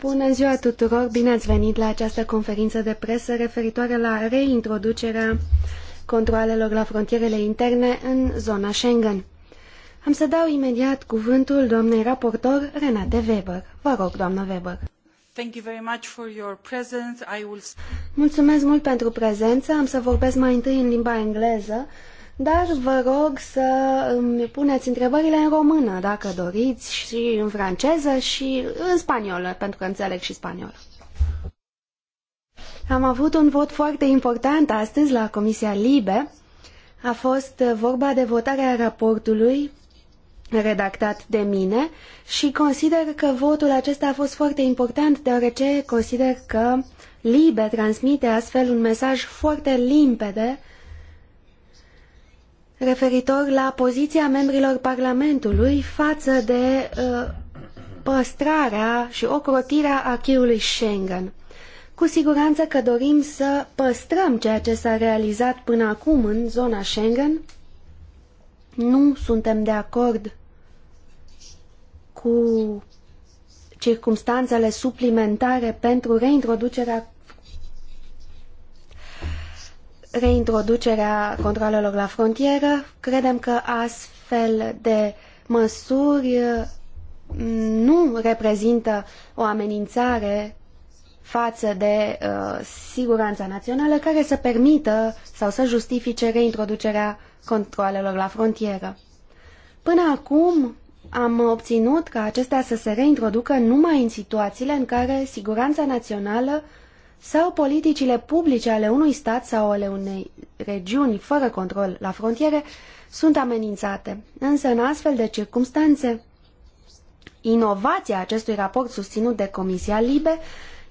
Bună ziua tuturor, bine ați venit la această conferință de presă referitoare la reintroducerea controalelor la frontierele interne în zona Schengen. Am să dau imediat cuvântul doamnei raportor Renate Weber. Vă rog, doamnă Weber. Thank you very much for your presence. I will... Mulțumesc mult pentru prezență. Am să vorbesc mai întâi în limba engleză dar vă rog să îmi puneți întrebările în română, dacă doriți, și în franceză și în spaniolă, pentru că înțeleg și spaniolă. Am avut un vot foarte important astăzi la Comisia Libe. A fost vorba de votarea raportului redactat de mine și consider că votul acesta a fost foarte important deoarece consider că Libe transmite astfel un mesaj foarte limpede uh, referitor la poziția membrilor Parlamentului față de uh, păstrarea și ocrotirea acquis Schengen. Cu siguranță că dorim să păstrăm ceea ce s-a realizat până acum în zona Schengen. Nu suntem de acord cu circumstanțele suplimentare pentru reintroducerea reintroducerea controlelor la frontieră. Credem că astfel de măsuri mm, nu reprezintă o amenințare față de uh, siguranța națională care să permită sau să justifice reintroducerea controlelor la frontieră. Până acum am obținut ca acestea să se reintroducă numai în situațiile în care siguranța națională uh, sau politicile publice ale unui stat sau ale unei regiuni fără control la frontiere sunt amenințate. Însă, în astfel de circumstanțe, inovația acestui raport susținut de Comisia Libe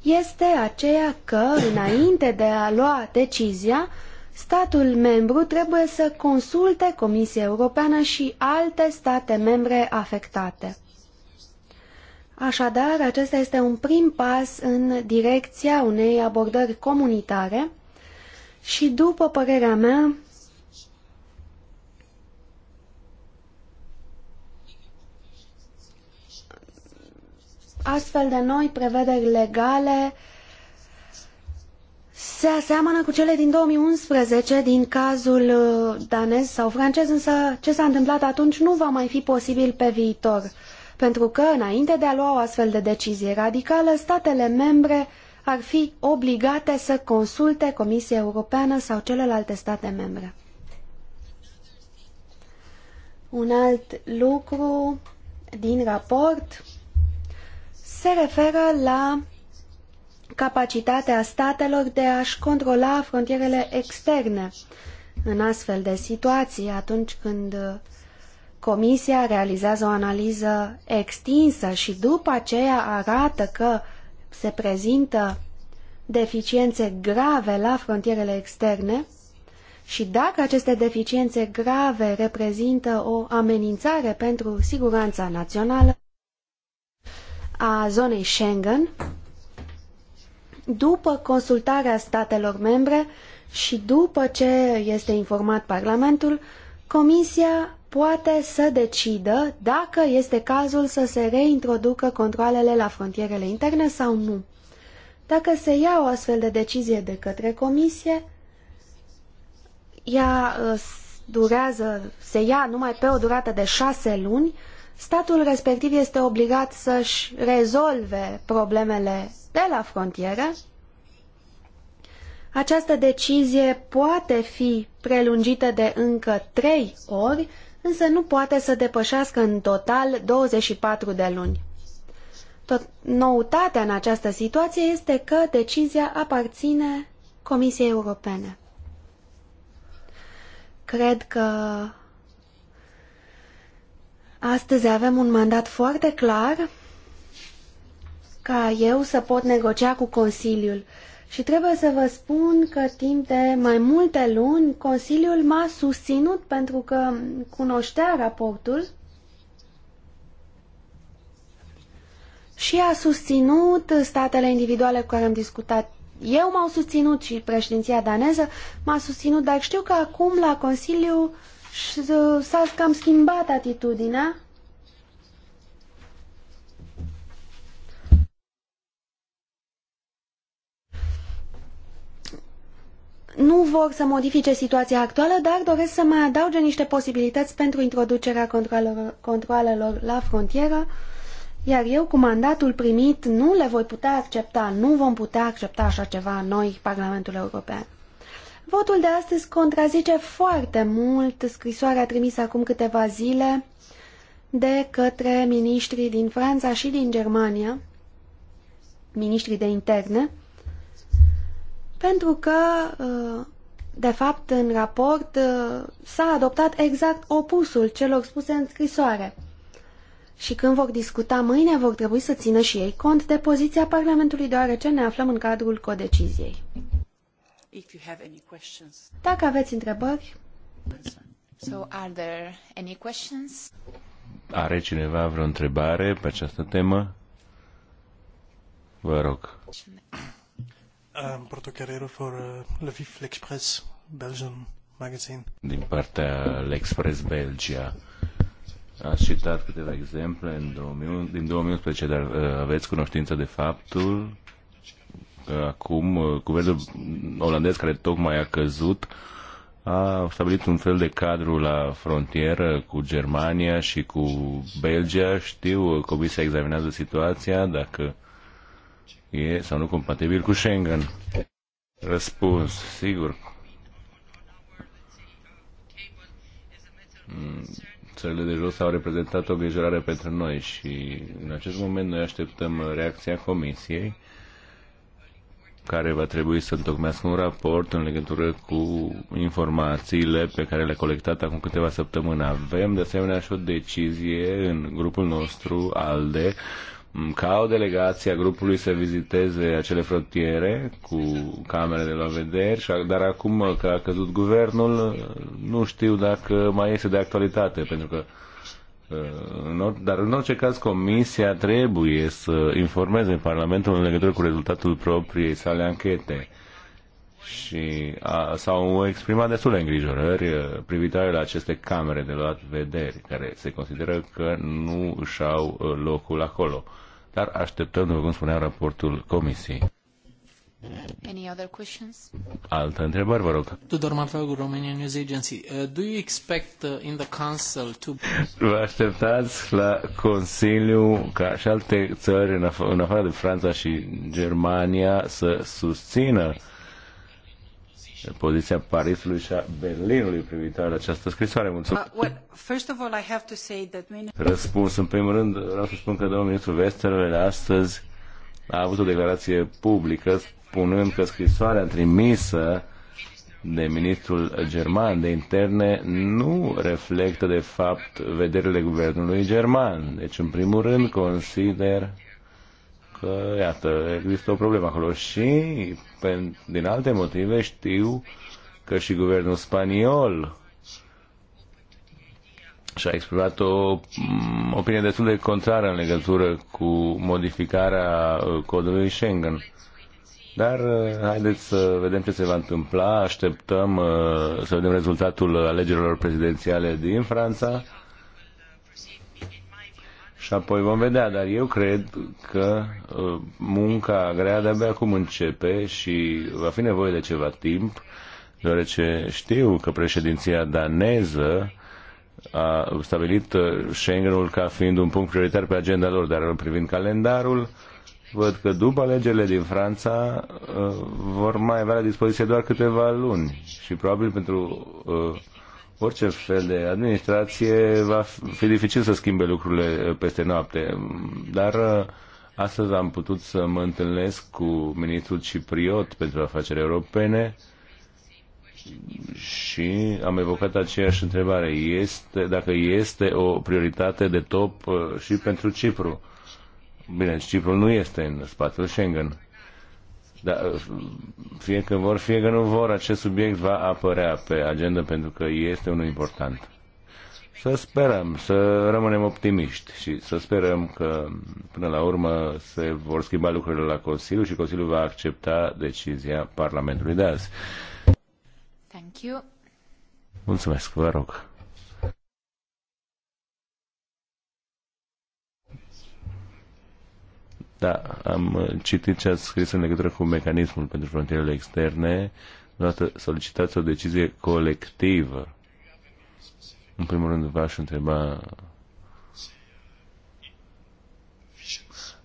este aceea că, înainte de a lua decizia, statul membru trebuie să consulte Comisia Europeană și alte state membre afectate. Așadar, acesta este un prim pas în direcția unei abordări comunitare și, după părerea mea, astfel de noi prevederi legale se aseamănă cu cele din 2011 din cazul uh, danez sau francez, însă ce s-a întâmplat atunci nu va mai fi posibil pe viitor pentru că, înainte de a lua o astfel de decizie radicală, statele membre ar fi obligate să consulte Comisia Europeană sau celelalte state membre. Un alt lucru din raport se referă la capacitatea statelor de a-și controla frontierele externe în astfel de situații, atunci când Comisia realizează o analiză extinsă și după aceea arată că se prezintă deficiențe grave la frontierele externe și dacă aceste deficiențe grave reprezintă o amenințare pentru siguranța națională a zonei Schengen, după consultarea statelor membre și după ce este informat Parlamentul, Comisia poate să decidă dacă este cazul să se reintroducă controlele la frontierele interne sau nu. Dacă se ia o astfel de decizie de către comisie, ea uh, durează, se ia numai pe o durată de șase luni, statul respectiv este obligat să-și rezolve problemele de la frontieră. Această decizie poate fi prelungită de încă trei ori însă nu poate să depășească în total 24 de luni. Tot noutatea în această situație este că decizia aparține Comisiei Europene. Cred că astăzi avem un mandat foarte clar ca eu să pot negocia cu Consiliul. Uh, și trebuie să vă spun că timp de mai multe luni Consiliul m-a susținut pentru că cunoștea raportul și a susținut statele individuale cu care am discutat. Eu m-au susținut și președinția daneză m-a susținut, dar știu că acum la Consiliu s-a cam schimbat atitudinea nu vor să modifice situația actuală, dar doresc să mai adauge niște posibilități pentru introducerea controalelor, la frontieră, iar eu cu mandatul primit nu le voi putea accepta, nu vom putea accepta așa ceva noi, Parlamentul European. Votul de astăzi contrazice foarte mult scrisoarea trimisă acum câteva zile de către ministrii din Franța și din Germania, ministrii de interne, pentru că, uh, de fapt, în raport uh, s-a adoptat exact opusul celor spuse în scrisoare. Și când vor discuta mâine, vor trebui să țină și ei cont de poziția Parlamentului, deoarece ne aflăm în cadrul codeciziei. Dacă aveți întrebări... So are there any questions? Are cineva vreo întrebare pe această temă? Vă rog. Um, Porto Carrero for uh, Lviv L'Express, Belgian magazine. Din partea L'Express Belgia. a citat câteva exemple în 2000, din 2011, dar uh, aveți cunoștință de faptul că acum uh, guvernul olandez care tocmai a căzut a stabilit un fel de cadru la frontieră cu Germania și cu Belgia. Știu, uh, comisia examinează situația, dacă e sau nu compatibil cu Schengen. Răspuns, sigur. Mm, țările de jos au reprezentat o grijorare pentru noi și în acest moment noi așteptăm reacția Comisiei care va trebui să întocmească un raport în legătură cu informațiile pe care le-a colectat acum câteva săptămâni. Avem de asemenea și o decizie în grupul nostru ALDE Mm, ca o delegație a grupului să viziteze acele frontiere cu camerele la vederi, dar acum că a căzut guvernul, nu știu dacă mai este de actualitate, pentru că uh, dar în orice caz comisia trebuie să informeze Parlamentul în legătură cu rezultatul propriei sale anchete și s-au exprimat destule îngrijorări uh, privitoare la aceste camere de luat vederi, care se consideră că nu își au uh, locul acolo. Dar așteptăm, după cum spunea raportul comisiei. Any other questions? Altă întrebări, vă rog. Tudor Marfagu, Romania News Agency. Uh, do you expect uh, in the Council to... Vă așteptați la Consiliu ca și alte țări în, af- în afară de Franța și Germania să susțină uh, poziția Parisului și a Berlinului privitoare la această scrisoare. Mulțumesc. Uh, well, first of all, I have to say that... Răspuns. În primul rând, vreau să spun că domnul ministru Westervele astăzi a avut o declarație publică spunând că scrisoarea trimisă de ministrul german de interne nu reflectă de fapt vederile guvernului german. Deci, în primul rând, consider că, iată, există o problemă acolo și, pe, din alte motive, știu că și guvernul spaniol și-a exprimat o opinie destul de contrară în legătură cu modificarea uh, codului Schengen. Dar uh, haideți să vedem ce se va întâmpla. Așteptăm uh, să vedem rezultatul alegerilor prezidențiale din Franța și apoi vom vedea, dar eu cred că uh, munca grea de-abia acum începe și va fi nevoie de ceva timp, deoarece știu că președinția daneză a stabilit uh, Schengenul ca fiind un punct prioritar pe agenda lor, dar privind calendarul, văd că după alegerile din Franța uh, vor mai avea la dispoziție doar câteva luni și probabil pentru orice fel de administrație va fi dificil să schimbe lucrurile uh, peste noapte. Dar uh, astăzi am putut să mă întâlnesc cu ministrul Cipriot pentru afaceri europene și am evocat aceeași întrebare. Este, dacă este o prioritate de top uh, și pentru Cipru? Bine, Cipru nu este în spațiul Schengen. Dar uh, fie că vor, fie că nu vor, acest subiect va apărea pe agenda pentru că este unul important. Să sperăm, să rămânem optimiști și să sperăm că până la urmă se vor schimba lucrurile la Consiliu și Consiliul va accepta decizia Parlamentului de azi. Thank you. Mulțumesc, vă rog. Da, am citit ce ați scris în legătură cu mecanismul pentru frontierele externe. Dată solicitați o decizie colectivă. În primul rând v-aș întreba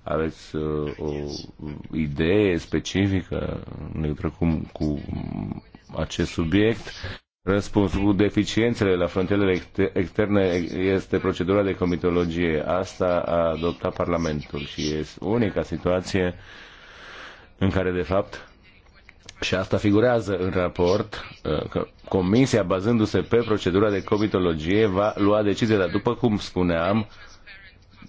aveți uh, o idee specifică în legătură cu, cu acest subiect Răspunsul cu deficiențele la frontierele externe este procedura de comitologie. Asta a adoptat Parlamentul și este unica situație în care, de fapt, și asta figurează în raport, uh, că Comisia, bazându-se pe procedura de comitologie, va lua decizie, dar după cum spuneam,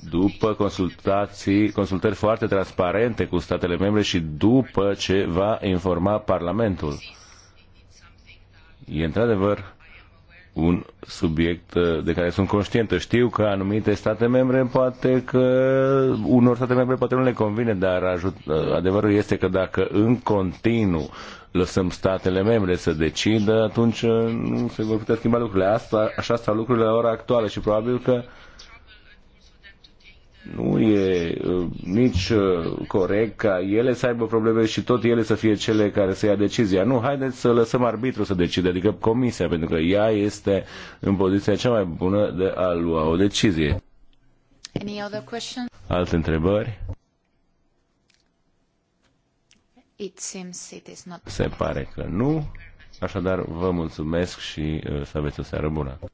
după consultații, consultări foarte transparente cu statele membre și după ce va informa Parlamentul e într-adevăr un subiect uh, de care sunt conștientă. Știu că anumite state membre poate că unor state membre poate nu le convine, dar ajut, uh, adevărul este că dacă în continuu lăsăm statele membre să decidă, atunci uh, nu se vor putea schimba lucrurile. Asta, așa stau lucrurile la ora actuală și probabil că nu e uh, nici uh, corect ca ele să aibă probleme și tot ele să fie cele care să ia decizia. Nu, haideți să lăsăm arbitru să decide, adică comisia, pentru că ea este în poziția cea mai bună de a lua o decizie. Any other question? Alte întrebări? It seems it is not... Se pare că nu. Așadar, vă mulțumesc și uh, să aveți o seară bună.